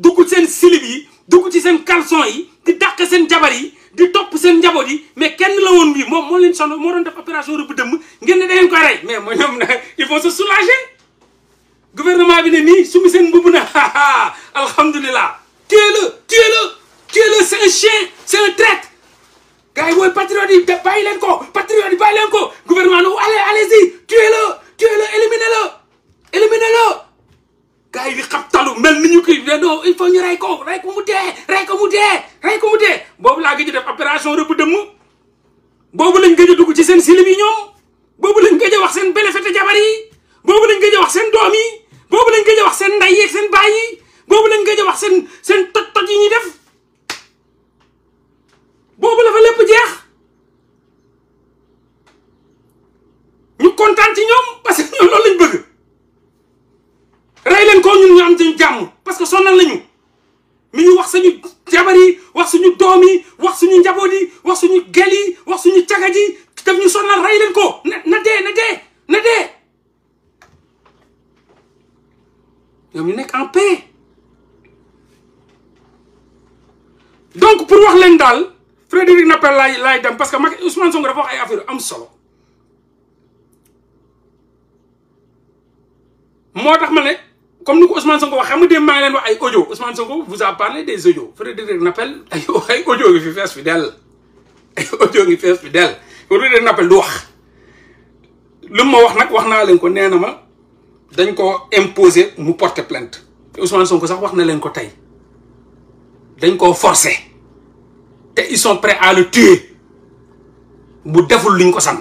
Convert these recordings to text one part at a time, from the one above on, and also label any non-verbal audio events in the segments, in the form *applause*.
dugg seen silib yi dugg ci seen caleçon yi di dàq seen jabar yi du topp seen njaboot yi mais kenn la woon bii moom moo leen sonal moo doon def opération rëbb dëmm ngeen ne da ngeen koy rey mais mooy ñoom na il faut se soulager gouvernement bi ne nii su mi seen mbubb na *laughs* alhamdulilah tuez-le tuez-le tuez-le c'est un chien c'est un traître gars yi booy patriote ko patriote yi bàyyi leen ko gouvernement nu allez allez-y tuez-le tuez gars yi di xabtalu mel ni ñu kii non il faut ñu rey ko rey ko mu dee rey ko mu dee boobu laa gëj a def opération rëbb dëmm boobu lañ gëj a dugg ci seen silib yi ñoom boobu lañ gëj a wax seen belefete jabar yi boobu lañ gëj a wax seen doom yi boobu lañ gëj a wax seen ndey seen baay boobu lañ gëj a wax seen seen toj toj yi ñuy def sonna nañu mi ngi wax suñu jabar yi wax suñu doom yi wax suñu njaboot yi wax suñu gel wax suñu cagaj yi daf ñu sonal rey leen ko na na dee na dee na ñu nekk en paix donc pour wax leen daal Frédéric Napel laay laay parce que Macky Ousmane Sonko dafa wax ay affaire am solo moo tax ma ne comme ni ko Ousmane Sonko wax xam nga démb maa leen wax ay audio Ousmane Sonko vous a parlé des audios Frédéric Nappel ay *laughs* ay audio ngi fi fees fi dell ay audio ngi fees fi dell Frédéric Nappel du wax lu ma wax nag wax naa leen ko nee na ma dañ ko imposer mu porter plainte Ousmane Sonko sax wax na leen ko tey dañ koo forcer te il sont prêts à le tuer bu deful luñ ko sant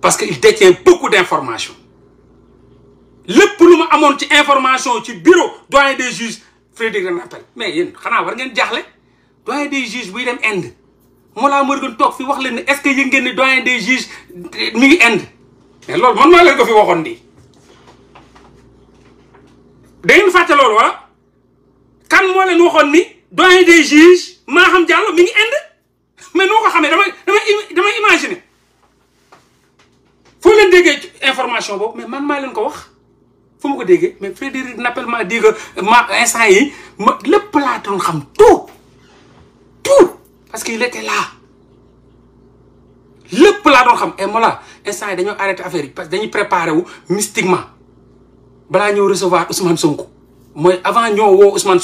parce que il détient beaucoup d'informations lépp lu ma amoon ci information ci bureau doyen des juges Frédéric Ren appel mais yéen xanaa war ngeen jaaxle doyen des juges buy dem moo Mollah Morgun toog fi wax leen ne est-ce que yëg ngeen ne doyen des juges mi ngi Inde mais loolu man maa waxoon di da ngeen fàtte loolu wala kan ni doyen des juges maa xam Diallo mi ngi Inde mais noo ko xamee dama dama dama imaginer foo leen déggee information boobu mais man maa leen ko wax foo ma ko déggee mais Frédéric Napel m'a dit que ma instant yi ma lépp laa doon xam tout parce que il était là lépp laa doon xam et voilà instant yi dañoo arrêté affaire yi parce dañuy préparé wu mystiquement balaa ñëw recevoir Ousmane Sonko mooy avant ñoo woo Ousmane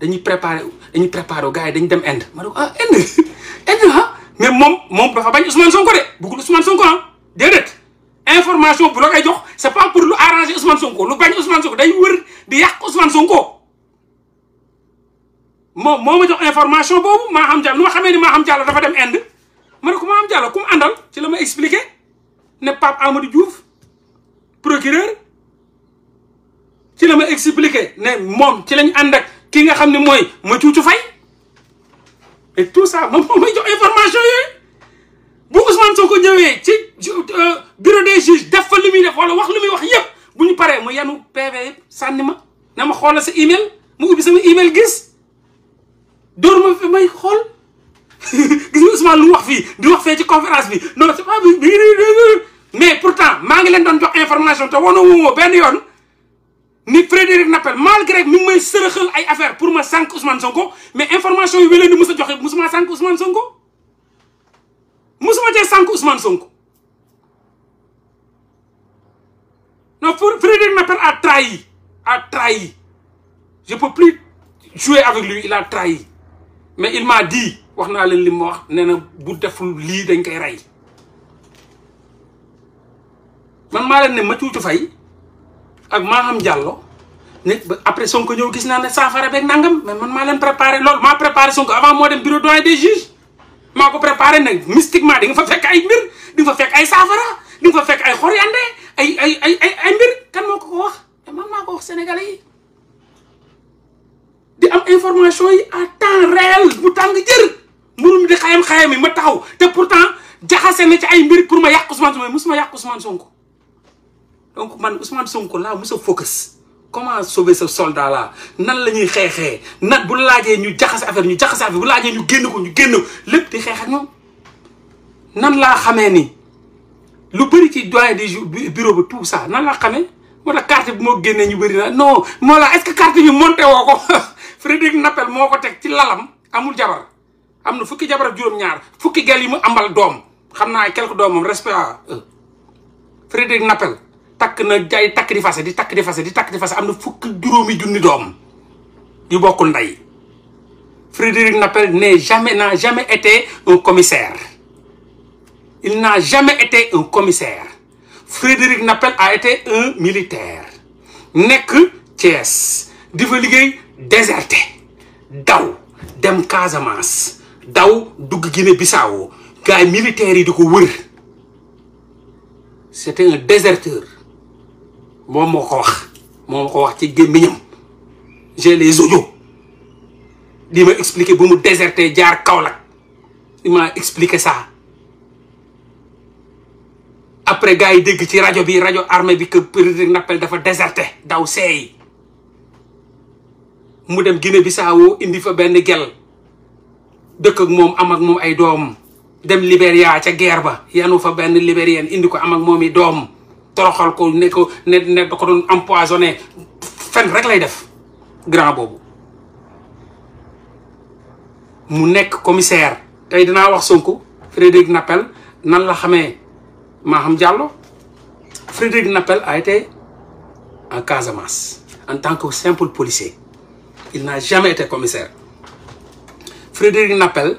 dañuy préparé dañuy préparé wu gars yi dañu dem Inde ma ne ko ah, Inde *laughs* Inde ah, mais moom moom dafa bañ Ousmane Sonko de bëggul Ousmane Sonko ah déedéet. information bu la koy jox c'est pas pour lu arranger Ousmane Sonko lu bañ Ousmane Sonko day wër di yàq Ousmane Sonko moom moo ma jox information boobu maa xam nu ma xamee ni maa xam jàll dafa dem Inde ma ne ko maa xam jàll ku mu ci la ma expliqué ne Pape Amadou Diouf procureur ci la ma expliqué ne moom ci lañ ànd ak ki nga xam ne mooy ma cuucu fay et tout ça moom moo jox information yooyu bu Ousmane Sonko ñëwee ci. Euh, xoolal sa email mu ubbi sama email gis dóor ma fi may xool *laughs* gis nga Ousmane wax fii di wax fee ci conférence bi non c'est pas bi mais pourtant maa ngi leen doon jox information te wane woo benn yoon ni Frédéric Napel malgré mi ngi may sërëxal ay affaire pour ma sànq Ousmane Sonko mais information yi wele ni mos a joxe mosuma sànq Ousmane Sonko mosuma cee sànq Ousmane Sonko non Frédéric Napel a trahi a trahi. je peux plus jouer avec lu il a trahi mais il m'a dit wax naa leen li ma wax nee na bu deful lii dañ koy rey man maa leen ne ma tuuti fay ak maa xam jàllo ne après Sonko ñëw gis naa ne saafara be nangam mais man maa leen préparé lool maa préparé Sonko avant moo dem bureau doyen des juges maa ko préparé nag mystiquement di nga fa fekk ay mbir di fa fekk ay saafara di nga fa fekk ay xor yande ay ay ay ay mbir kan moo ko ko wax man maa ko wax sénégalais di am information yi à temps réel bu tàng jër mburu mi di xayam xayam yi ma taxaw te pourtant jaxase na ci ay mbir pour ma yàq Ousmane Sonko musuma yàq Ousmane Sonko donc man Ousmane Sonko laa musa focus comment sauver ce soldat là nan la ñuy xeexee nan bu laajee ñu jaxase affaire ñu jaxase affaire bu laajee ñu génn ko ñu génn lépp di xeex ak ñoom nan laa xamee ni lu bëri ci doyen des jours bureau ba tout sax nan laa xamee moo tax carte bi moo génnee ñu bëri na non moo la est ce que carte ko *laughs* Frédéric Napel moo ko teg ci lalam amul jabar am na fukki jabar juróom-ñaar fukki gel yi mu ambal doom xam naa ay quelques doomam respect à eux Frédéric Napel takk na jaay takk di fase di takk di fase di takk di fase am na fukki juróomi junni doom yu bokkul ndey Frédéric Napel n'est n'a jamais été un commissaire n'a jamais été un commissaire Frédéric Napel a été un militaire nekk Thiès di liggéey déserté daw dem Casamance daw dugg Guinée Bissau gars yi militaires yi di ko wër c'était un déserteur moom moo ko wax moo ko wax ci gémmiñam j'ai les audios di ma expliqué bu mu déserté jaar Kaolack il m'a expliqué ça après gars yi dégg ci rajo bi rajo armée bi que président Napel dafa déserté daw seey mu dem Guinée Bissau indi fa benn gel dëkk moom am moom ay doom dem Libéria ca guerre ba yanu fa benn libérienne indi ko am ak moom i doom toroxal ko ne ko ne ne da ko doon empoisonné fen rek lay def grand boobu mu nekk commissaire tey dinaa wax Sonko Frédéric Napel nan la xamee Maham jàllo Frédéric Napel a été en Casamance en tant que simple policier il n'a jamais été commissaire Frédéric Nappel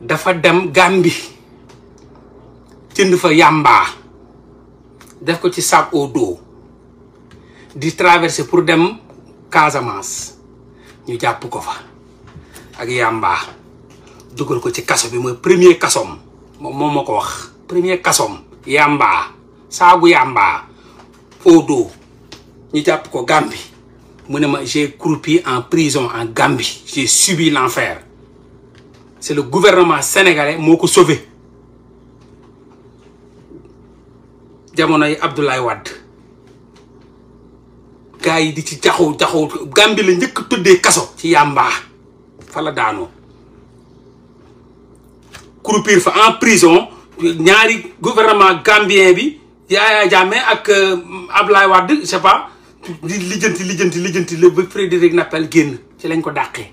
dafa dem Gambie jënd fa yàmbaa def ko ci sac au dos di traverser pour dem Casamance ñu jàpp ko fa ak yàmbaa dugal ko ci kaso bi mooy premier kasom moom moom ma ko wax premier kasom yàmbaa saagu yàmbaa au dos ñu jàpp ko Gambie mu ne ma j'ai croupi en prison en Gambie j'ai subi l'enfer c'est le gouvernement sénégalais moo ko sauvé jamonoy Abdoulaye Wade gars yi di ci jaxaw jaxaw Gambie la njëkk tuddee kaso ci yàmbaa fa la daanoo croupir fa en prison ñaari gouvernement gambien bi Yaya Jammeh ak euh, Abdoulaye wadd je pas di lijjanti lijjanti lijjanti la ba Frédéric Nappel génn ci lañ ko dàqee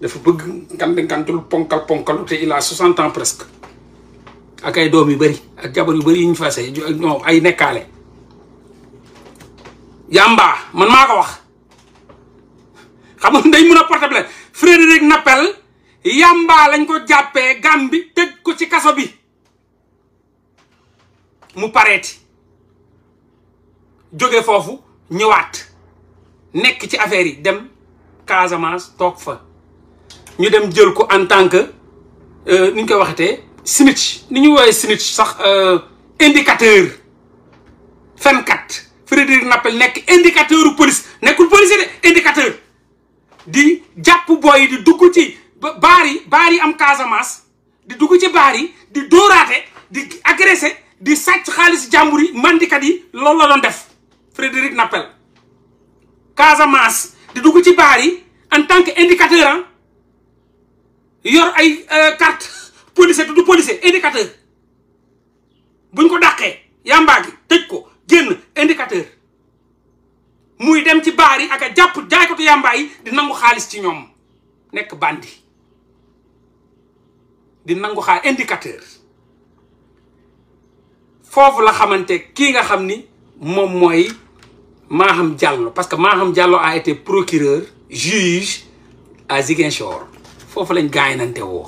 dafa bëgg ngant ngantul ponkal ponkal te il a soixante ans presque ak ay doom yu bari ak jabar yu bari yu ñu fase ñoom ay nekkaale yamba man maa ko wax xam nga day mun a porter plainte Frédéric Nappel yamba lañ ko jàppee Gàmbi tëj ko ci kaso bi mu pareeti jóge foofu ñëwaat nekk ci affaire yi dem Casamance toog fa ñu dem jël ko en tant que euh, ni ñu koy waxte snitch ni ñu woowee snitch sax euh, indicateur fenkat Frédéric Nappel nekk indicateur police nekkul policier de indicateur di jàpp booy yi di dugg ci baar yi baar am Casamance di dugg ci baar yi di dóoraate di agressé di sàcc xaalis jàmbur yi mandikat yi loolu la doon def Frédéric Nappel Casamance di dugg ci baar yi en tant que indicateur ah yor ay euh, carte policier te du policier indicateur buñ ko dàqee yàmbaa gi tëj ko génn indicateur muy dem ci baar yi ak jàpp jaaykatu yàmbaa yi di nangu xaalis ci ñoom nekk bandi di nangu xaal indicateur foofu la xamante kii nga xam ni moom mooy Maham Diallo parce que Maham Diallo a été procureur juge à Ziguinchor foofu lañ gaañante woo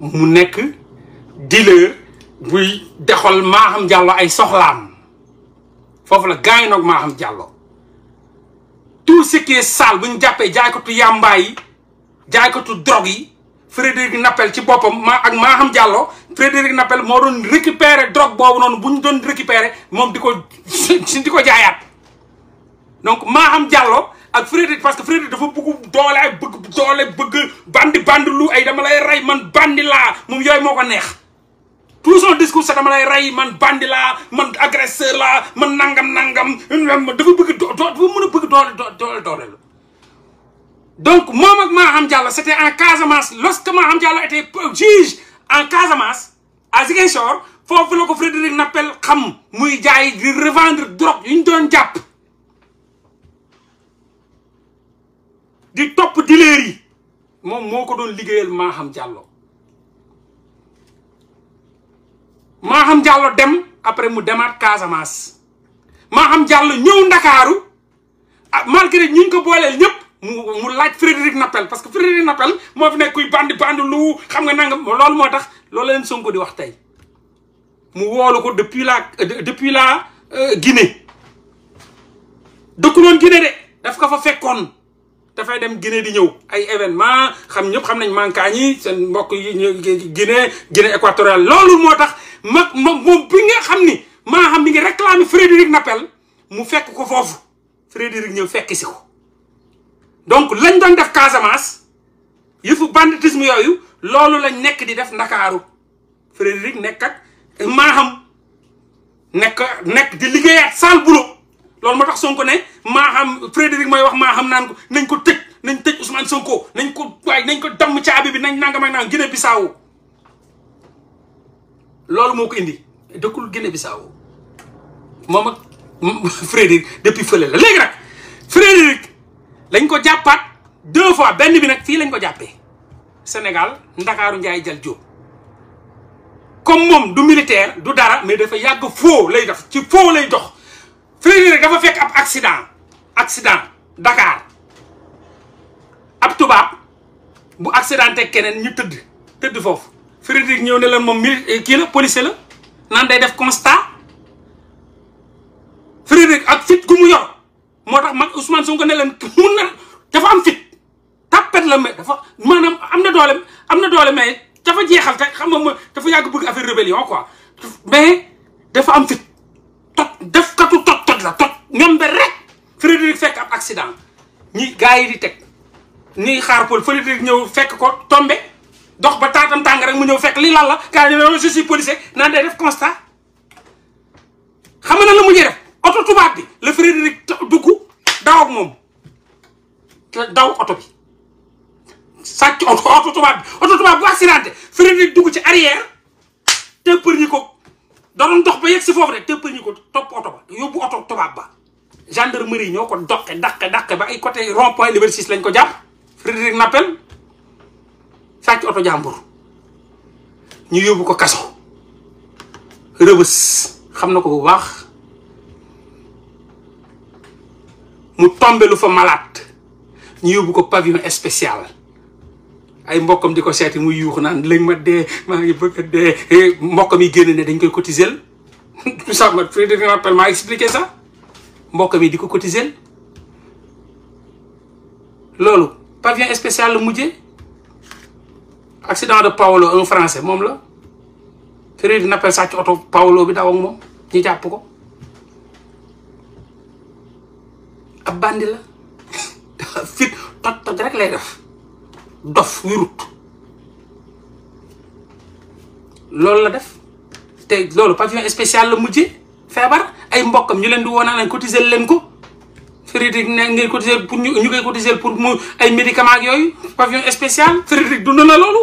mu nekk dealer buy dexal Maham Diallo ay soxlaam foofu la gaañoon ak Maham Diallo tout ce qui est sale bu ñu jàppee jaaykatu yàmbaay yi jaaykatu drogue yi. Frédéric Nappel ci boppam ma ak Maham Diallo Frédéric Nappel moo doon récupérer drogue boobu noonu bu ñu doon récupérer moom di ko *laughs* di ko jaayaat donc Maham Diallo ak Frédéric parce que Frédéric dafa buggu doole ay bëgg doole bëgg bandi bandi lu ay dama lay ray man bandi laa moom yooyu moo ko neex tout son discours sax dama lay rey man bandi laa man agresseur laa man nangam nangam dafa bëgg doo dafa mën a bëgg doole doole doole la donc moom ak Maham Diallo c' était en Casamance lorsque Maham Diallo était juge en Casamance à Ziguinchor foofu la ko Frédéric Nappel xam muy jaay di revendre drogue yi ñu doon jàpp di topp dileer yi moom moo ko doon liggéeyal Maham Diallo Maham Diallo dem après mu demaat Casamance Maham Diallo ñëw Ndakaaru ah malgré ñu ko booleel ñëpp. mu mu laaj Frédéric Nappel parce que Frédéric Nappel moo fi nekk kuy bandi bandi lu xam nga nangam loolu moo tax loolu leen Sonko di wax tey mu woolu ko depuis la euh, depuis la euh, Guinée dëkkuloon Guinée de daf ko fa fekkoon dafay dem Guinée di ñëw ay événement xam ñëpp xam nañ mankaa ñi seen mbokk yi Guinée Guinée équatoriale loolu moo tax mag moom bi nga xam ni maa xam mi ngi réclamer Frédéric Nappel mu fekk ko foofu Frédéric ñëw fekk si ko donc lañ doon def Casamance yëfu banditisme yooyu loolu lañ nekk di def ndakaaru Frédéric nekk kat maaxam nekk nekk di liggéeyaat sale boulot loolu moo tax Sonko ne maaxam Frédéric mooy wax maaxam naan ko nañ ko tëj nañ tëj Ousmane Sonko nañ ko waay nañ ko damm caabi bi nañ nangam ak nangam Guinée Bissau loolu moo ko indi dëkkul Guinée Bissau moom ak Frédéric depuis fële la léegi nag lañ ko jàppaat deux fois benn bi nag fii lañ ko jàppee Sénégal Ndakaaru Njaay jal Jóob comme moom du militaire du dara mais dafa yàgg foo lay def ci foo lay dox fii dafa fekk ab accident accident Dakar ab tubaab bu accidenté keneen ñu tëdd tëdd foofu Frédéric ñëw ne leen moom mili kii la policier la naan day def constat Sonko ne leen mun na dafa am fit tàppet la mais dafa maanaam am na doole am na doole mais dafa jeexal te xam nga dafa yàgg bëgg affaire rébellion quoi mais dafa am fit tot def katu tot tot la tot ñoom ba rek Frédéric fekk ab accident ñi gars yi di teg ni xaar pol Frédéric ñëw fekk ko tombé dox ba taatam tàng rek mu ñëw fekk li lan la gars yi ne je suis policier naan day def constat xam nga nan la mujjee def oto tubaab bi la Frédéric dugg daw ak moom daw oto bi sàcc oto oto tubaab bi oto tubaab bu accidenté Frédéric dugg ci arrière tëppër ñi ko doon dox ba yegg si foofu rek tëppër ñi ko topp oto ba yóbbu oto tubaab ba gendarmerie ñoo ko doqe daqe daqe ba ay côté rond point lañ ko jàpp Frédéric Nappel sàcc oto jàmbur ñu yóbbu ko kaso rëbës xam na ko bu mu tombe lu fa malade ñu yóbbu ko pavillon spécial ay mbokkam di ko seeti muy yuux naan lañ ma dee maa ngi bëgg a dee eh, mbokkam yi génn ne dañ koy cotiser sax *laughs* ma Frédéric Rappel maa expliqué ça mbokkam yi di ko cotiser loolu pavillon spécial la mujjee accident de Paolo un français moom la Frédéric Rappel sàcc oto Paolo bi daw ak moom ñu jàpp ko ab bandi la fit toj toj rek lay def dof wurut loolu la def te loolu pavillon spécial la mujjee feebar ay mbokkam ñu leen di woonaa lañ cotiser leen ko Frédéric ne ngay cotiser pour ñu ñu koy cotiser pour mu ay médicament yooy yooyu pavillon spécial Frédéric dund na loolu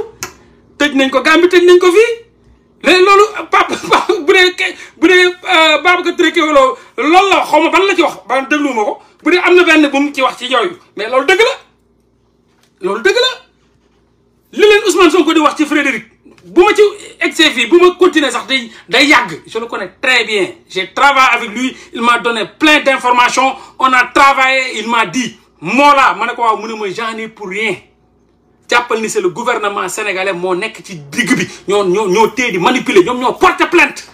tëj nañ ko Gambie tëj nañ ko fi léegi loolu papa bu dee bu dee euh, Babacar Touré Kewelo loolu la xaw ma ban la ci wax ba déglu ma ko bu dee am na be benn bu mu ci wax ci yooyu mais loolu dëgg la loolu dëgg la li leen Ousmane Sonko di wax ci Frédéric bu ma ci egsee bu ma continuer sax day day yàgg je ko connais très bien j'ai travaillé avec lui il m'a donné plein d'informations on a travaillé il m'a dit Mollah ma ne ko waaw mu ne ma j'en pour rien jàppal ni c'est le gouvernement sénégalais moo nekk ci digg bi ñoo ñoo ñoo téye di manipuler ñoom ñoo porter plainte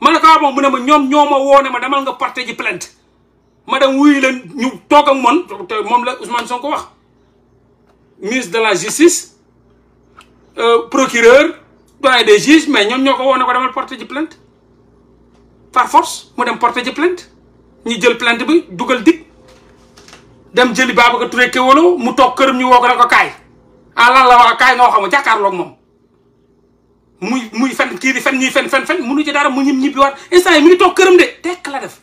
ma ne ko mu ne ma ñoom ñoo ma woo ne ma nga porter ji ma dem wuyu leen ñu toog ak man te moom la Ousmane ko wax ministre de la justice euh, procureur doyen des juges mais ñoom ñoo ko woon ne ko demal porter ji plant par force mu dem porter ji plainte ñu jël plainte bi dugal dig dem jëli Babacar Touré Kewolo mu toog këram ñu woo ko ne ko kaay ah lan la wax kaay nga xam ne jàkkaarloog moom muy muy fen kii di fen ñuy fen fen fen nu ci dara mu ñib ñibbiwaat instant yi mu ngi toog këram de tekk la def.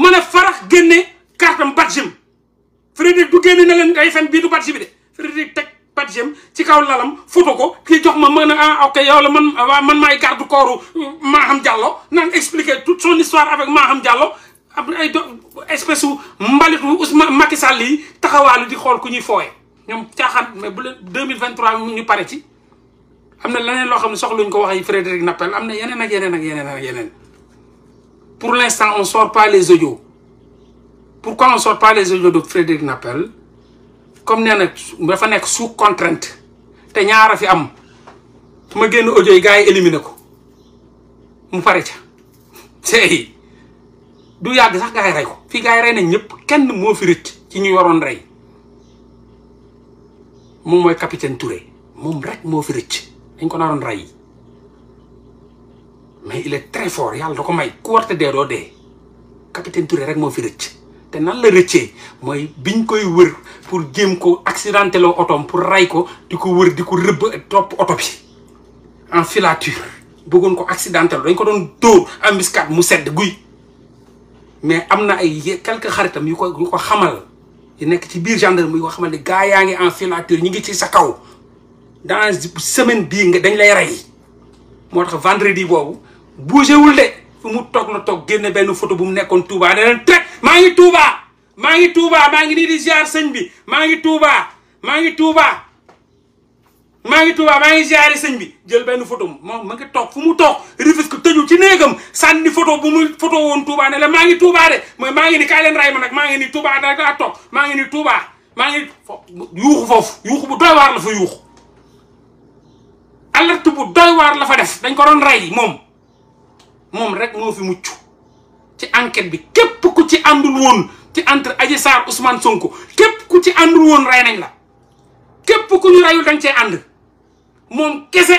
mën a farax génne kartam badjem Frédéric du génne na leen ay fen bii du badji bi de Frédéric teg badjem ci kaw lalam foto ko ki jox ma mën a ah, ok yow la man man maay garde corps mm, Maham Diallo naan expliquer toute son histoire avec Maham Diallo am ay do espèce su mbalitu Ousmane Macky Sall yi taxawaalu di xool ku ñuy fooye ñoom caaxaan mais bu leen 2023 ñu pare ci am na leneen loo xam ne soxluñ ko wax yi Frédéric Nappel am na yeneen ak yeneen ak yeneen ak yeneen pour l'instant, on ne sort pas les pour Pourquoi on ne sort pas les audios de Frédéric Napel Comme nous sommes sous contrainte. Et nous avons fait am. Je suis venu yi les gars éliminé. Je suis venu. C'est... du yàgg sax gars yi rey ko fii gars yi rey nañ ñëpp kenn moo fi rëcc ci ñuy waroon rey moom mooy capitaine Touré moom rek moo fi rëcc dañ ko naroon rey mais il est très fort yàlla da ko may ku warte dee doo dee capitaine Touré rek moo fi rëcc te nan la rëccee mooy biñ koy wër pour jéem ko accidenté loo otoom pour rey ko di ko wër di ko rëbb topp oto bi en filature bëggoon ko accidenté dañ ko doon dóor embuscade mu sedd guy mais am na ay quelques xaritam yu ko xamal yu nekk ci biir gendarme yu ko xamal ne gars yaa ngi en filature ñu ngi ci sa kaw dans semaine bii nga dañ lay rey moo tax vendredi boobu bougé wul de fu mu toog la toog génne benn photo bu mu nekkoon Touba ne teg maa ngi Touba maa ngi Touba maa ngi nii di sëñ bi maa ngi Touba maa ngi Touba maa ngi Touba maa ngi ziari sëñ bi jël benn photo moom ma ngi toog fu mu toog Rufisque tëju ci néegam sànni photo bu mu photo woon Touba ne la maa ngi Touba de mooy maa ngi ni kaay leen ma nag maa ngi ni Touba da daa toog maa ngi ni Touba maa ngi yuuxu foofu yuuxu bu doy waar la fa yuuxu alerte bu doy waar la fa def dañ ko doon rey moom moom rek moo fi mucc ci enquête bi képp ku ci àndul woon ci entre Adji Sarr Ousmane Sonko képp ku ci àndul woon rey nañ la képp ku ñu reyul dañ cee ànd moom kese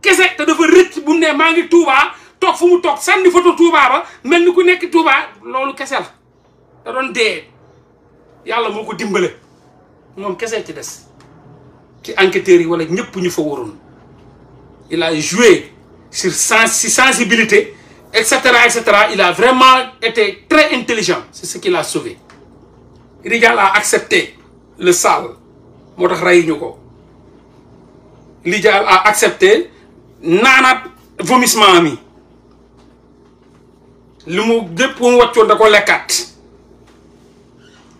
kese te dafa rëcc bundee ne maa ngi Touba toog fu mu toog sandi photo Touba ba mel ni ku nekki Touba loolu kese la da doon dee yàlla moo ko dimbale moom kese ci des ci enquêteurs yi wala ñëpp ñu fa waroon il a joué si sensibilité etc., etc. Il a vraiment été très intelligent. C'est ce qui l'a sauvé. Rigal a accepté le sale. Rigal a accepté nanat vomissement ami. lu mu lépp mu wàccoon da lekkaat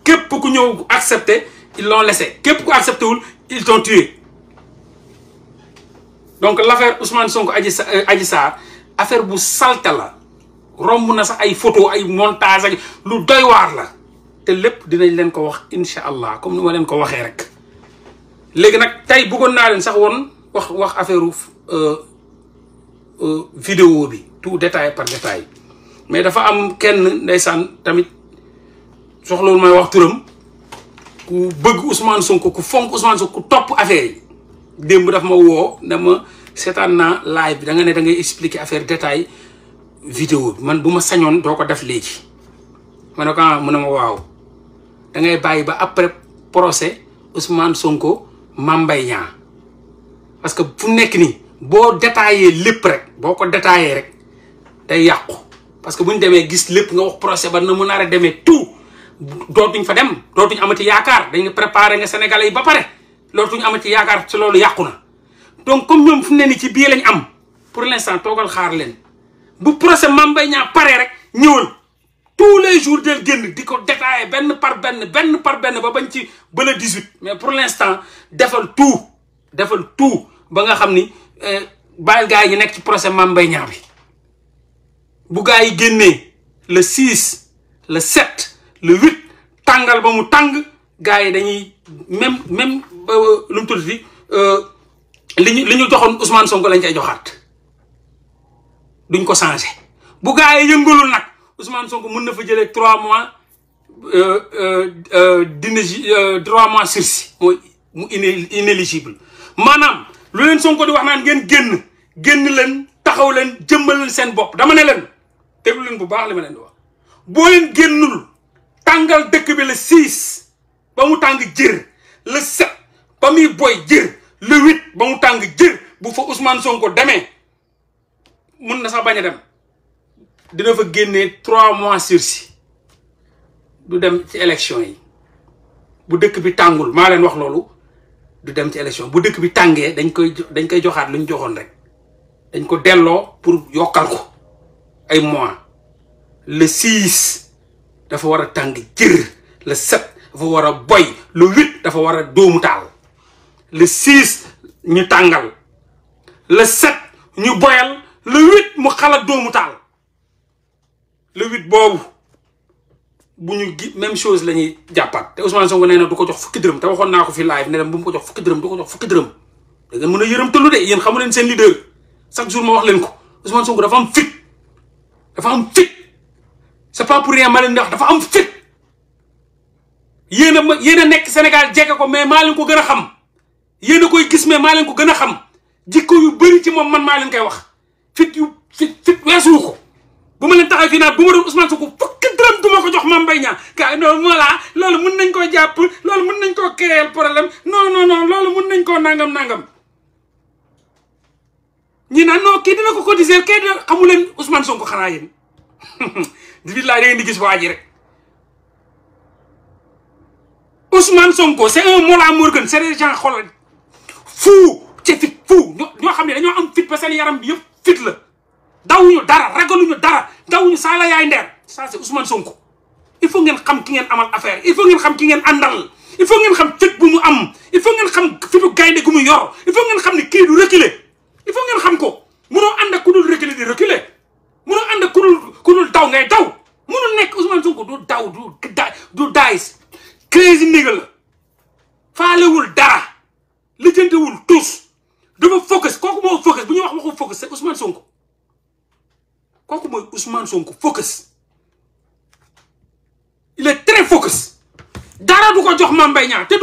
képp ku ñëw accepté ils l'ont laissé képp ku accepté wul ils t'ont tué donc l'affaire Ousmane Sonko Adji euh, Sarr affaire bu salte la romb na sax ay photo ay montage ak lu doy la te lépp dinañ leen ko wax incha allah comme ni ma leen ko waxee rek léegi nag tey bëggoon naa leen sax woon wax wax affaire euh, euh, vidéo bi tout détail par détail mais dafa am kenn ndeysaan tamit soxlawul may wax turam ku bëgg Ousmane Sonko ku fonk Ousmane Sonko ku topp affaire yi démb dafa ma woo ne seetaan naa live bi da ne dangay ngay affaire détail vidéo bi man bu ma sañoon doo ko def léegi ma ne ko ah mu ne ma waaw da ngay bàyyi ba après procès Ousmane Sonko Mame Mbaye Niang parce que fu nekk nii boo détaillé lépp rek boo ko détaillé rek day yàqu parce que bu demee gis lépp nga wax procès ba na mu nar rek demee tout dootuñ fa dem dootuñ amati yaakaar dañ nga préparé nga sénégalais yi ba pare loolu tuñ amati yaakaar si loolu yàqu na. donc comme ñoom fu mu ne ni ci bii lañ am pour l'instant toogal xaar leen bu procès Mame Mbaye Niang paree rek ñëwal tous les jours del génn di ko détaillé benn par benn benn par benn ba bañ ci ba le 18 mais pour l'instant defal tout defal tout ba nga xam ni euh, bàyyil gars yi nekk ci procès Mame Mbaye bi bu gars yi génnee le 6 le 7 le 8 tàngal ba mu tàng gars yi dañuy même même lu euh, mu tuddati euh, li ñu li ñu joxoon Ousmane Sonko lañ cay joxaat duñ ko changé bu gaa yi nag Ousmane Sonko mën na fa jëlee trois mois euh, euh, euh, dina trois mois sursis mooy mu inéligible maanaam lu leen Sonko di wax naan ngeen génn génn leen taxaw leen jëmmal leen seen bopp dama ne leen déglu leen bu baax li ma leen di wax boo génnul tàngal dëkk bi la six ba mu tàng jër le sept ba muy boy jër le huit ba mu tàng jër bu fa Ousmane Sonko demee mun na sax bañ a dem dina fa génnee trois mois sursi du dem ci élection yi bu dëkk bi tàngul maa leen wax loolu du dem ci élection bu dëkk bi tàngee dañ koy dañ koy joxaat lu ñu joxoon rek dañ ko delloo pour yokkal ko ay mois le six dafa war a tàng jër le sept dafa war a boy le huit dafa war a dóomu taal le 6 ñu tàngal le 7 ñu boyal le 8 mu xalaat doomu taal le 8 boobu bu ñu gi même chose la ñuy jàppaat te Ousmane Sonko nee na du ko jox fukki dërëm te waxoon naa ko fi live bu mu ko jox fukki dërëm du ko jox fukki dërëm da ngeen mën a yërëm tëllu de yéen xamu leen wax leen ko Ousmane Sonko dafa am fit dafa am fit c'est pas pour rien ma leen dafa am fit yéen a ma yéen a nekk Sénégal jege ko mais maa leen ko gën a xam. yéen a koy gis mais maa leen ko gën a xam jikko yu bëri ci moom man maa leen koy wax fit yu fit fit weesuwu ko bu ma leen taxaw fii naa bu ma doon Ousmane Sonko fukki dërëm du ma ko jox Mame Mbaye Niang ka non loolu mun nañ koo jàpp loolu mun nañ koo créer problème non non non loolu mun nañ koo nangam nangam ñi naan non kii dina ko cotiser kii dina xamu leen Ousmane Sonko xanaa yéen *laughs* billaay da ngeen di gis waa ji rek Ousmane Sonko c'est un Mollah Morgun c'est des gens fuu ci fit fuu ñoo xam ne dañoo am fit ba yaram bi yëpp fit la dawuñu dara ragaluñu dara dawuñu saa la yaay ndeer ça c'est Ousmane Sonko il faut ngeen xam ki ngeen amal affaire il faut ngeen xam ki ngeen àndal il faut ngeen xam fit bu mu am il faut ngeen xam fitu gaynde gu mu yor il faut ngeen xam ne kii du reculer il faut ngeen xam ko munoo ànd ak ku dul reculer di reculer munoo ànd ak ku dul ku dul daw ngay daw munul nekk Ousmane Sonko du daw du da du daay crazy nigga la faalewul dara lijjantiwul tous dafa focus kooku moo focus bu ñuy wax waxu focus c'est Ousmane Sonko kooku mooy Ousmane Sonko focus il est très focus dara du ko jox Mame Mbaye Niang